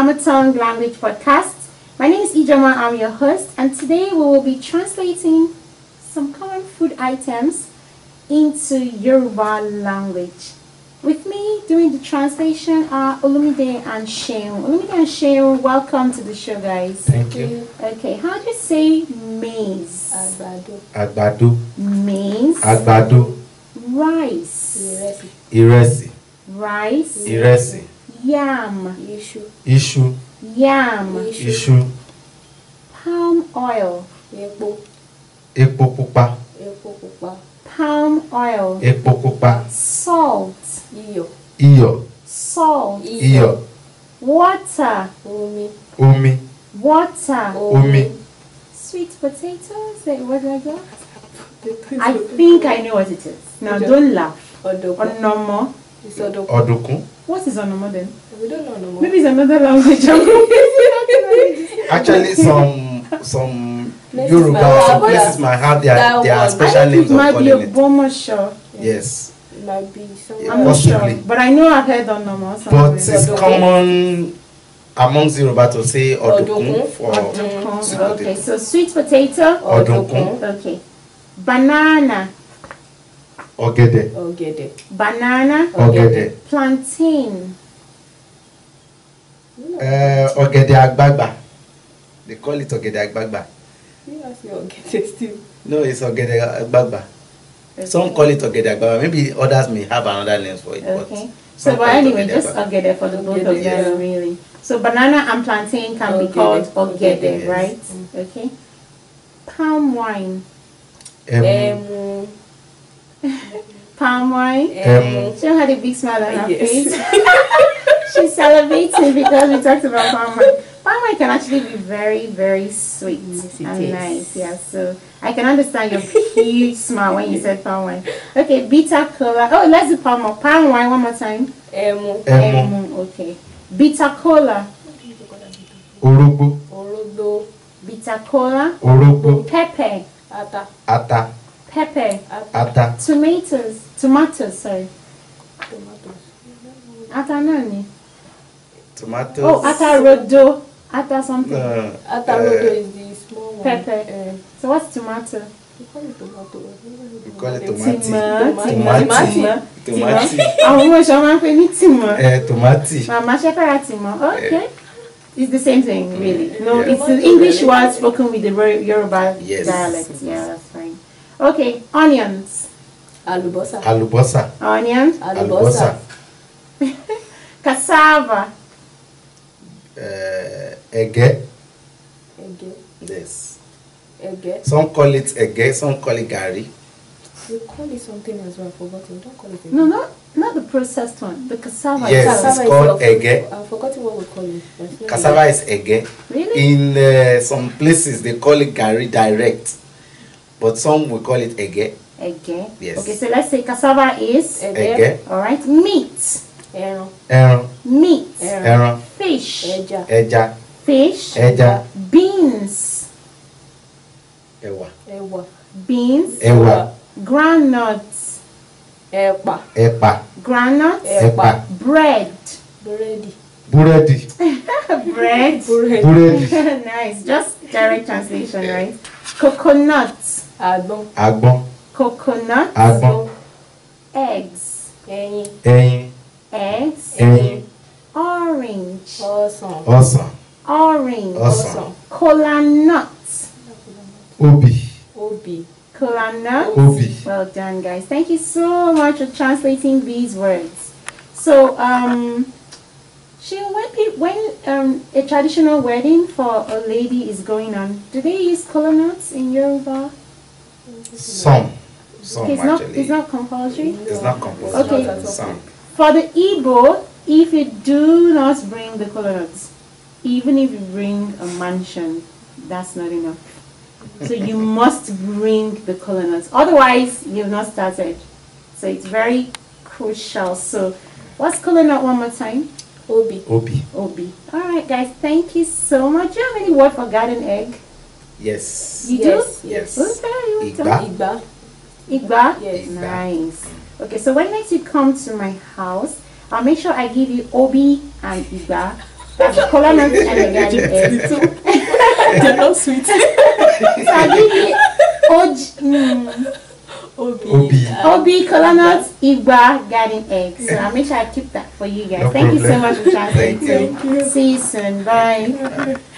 Amatong Language Podcast. My name is Ijama, I'm your host, and today we will be translating some common food items into Yoruba language. With me doing the translation are Olumide and Sheun. Olumide and Sheun, welcome to the show, guys. Thank, you. Okay, how do you say maize? Agbado. Agbado. Maize. Agbado. Rice. Iresi. Iresi. Rice. Iresi. Yam. Iṣu. Iṣu. Yam. Iṣu. Palm oil. Epo. Epo pupa. Epo pupa. Palm oil. Epo pupa. Salt. Iyọ̀. Iyọ̀. Salt. Iyọ̀. Water. Omi. Omi. Water. Omi. Sweet potatoes. What was that? I think I know what it is. Now don't laugh. more. It's Odokun. Odokun. What is Onomo then? We don't know Onomo. Maybe it's another language. Actually, some some Yoruba places might have their their special names it. Might be Obomoso. Yes. It might be somewhere. I'm not sure, but I know I've heard Onomo. But it's common amongst Yoruba to say Odokun for Odokun. Okay, so sweet potato. Odokun. Okay, banana. Ogede. Ogede. Banana. Ogede. Plantain. Uh, ogede agbagba. They call it ogede agbagba. You ask me ogede still. No, it's ogede agbagba. Okay. Some call it ogede agbagba. Maybe others may have another name for it. Okay. so, but anyway, just ogede for the both of them, really. So banana and plantain can ogede. be called ogede, ogede right? Mm. Okay. Palm wine. Emu. Emu. palm wine. Yep. She had a big smile on her yes. face. She's celebrating because we talked about palm wine. Palm wine can actually be very, very sweet yes, and is. nice. Yeah, so I can understand your huge smile when you said palm wine. Okay, bitter cola. Oh, let's do palm wine. Palm wine one more time. Emu. Emu. Okay. Bitter cola. Orogbo. Orogbo. Bitter cola. Orogbo. Pepe. Ata. Pepe, ata, tomatoes, tomatoes, sorry. Tomatoes. Ata nani? Tomatoes. Oh, ata rodo, ata something. No, uh, ata uh, rodo is the small one. Pepe, Uh, so what's tomato? We call it tomato. We call it tomati. Tomati. Tomati. Àwọn ọmọ ìṣọ́ máa ń pè ní tìmọ̀. Ẹ eh, tomati. Màmá eh. Okay. It's the same thing, really. No, yeah. it's the English word spoken with the Yoruba yes. dialect. Yeah, that's right. Okay, onions. Alubosa. Alubosa. Onion. Alubosa. Cassava. Uh, ẹ̀gẹ́. Ẹ̀gẹ́. Yes. Ẹ̀gẹ́. Some call it ẹ̀gẹ́, some call it gari. You call it something as well, I've forgotten. Don't call it ẹ̀gẹ́. No, no, not the processed one. The cassava. Yes, cassava it's called ẹ̀gẹ́. I've forgotten what we call it. Cassava is ẹ̀gẹ́. Really? In uh, some places, they call it gari direct. But some will call it ege. Ege. Yes. Okay, so let's say cassava is ege. ege. All right. Meat. Ero. Ẹran. Meat. Ero. Fish. Ẹja. Ẹja. Fish. Ẹja. Beans. Ẹ̀wà. Ẹ̀wà. Beans. Ẹ̀wà. Groundnuts. Ẹ̀pà. Ẹ̀pà. Groundnuts. Ẹ̀pà. Bread. Búrẹ́dì. Búrẹ́dì. Bread. Búrẹ́dì. Búrẹ́dì. Nice. Just direct translation, right? Coconut agbọ́n. agbọ́n. coconut. agbọ́n. eggs. ẹyin. ẹyin. eggs. ẹyin. orange. ọsàn. ọsàn. orange. ọsàn. kola nut. obì. obì. Kola Obì. Well done, guys. Thank you so much for translating these words. So, um, she, when, when um, a traditional wedding for a lady is going on, do they use kola nuts in Yoruba? Some. Some it's actually. Not, it's not compulsory? No. It's not compulsory. Okay. Some. For the Igbo, if you do not bring the colonels, even if you bring a mansion, that's not enough. So you must bring the colonels. Otherwise, you've not started. So it's very crucial. So what's colonel one more time? Obi. Obi. Obi. All right, guys. Thank you so much. Do you have any word for garden egg? Yes. You yes. do? Yes. Okay. Igba. Igba. Igba? Yes. Nice. Mm. Okay, so when next you come to my house, I'll make sure I give you Obi and Igba. That's the color and the garlic too. They're not sweet. so I'll give you Oj, mm, Obi. Obi. Obi, kola nuts, Igba, garden eggs. So I'll make sure I keep that for you guys. No Thank problem. you so much for chatting. Thank you. See you soon. Bye. Bye.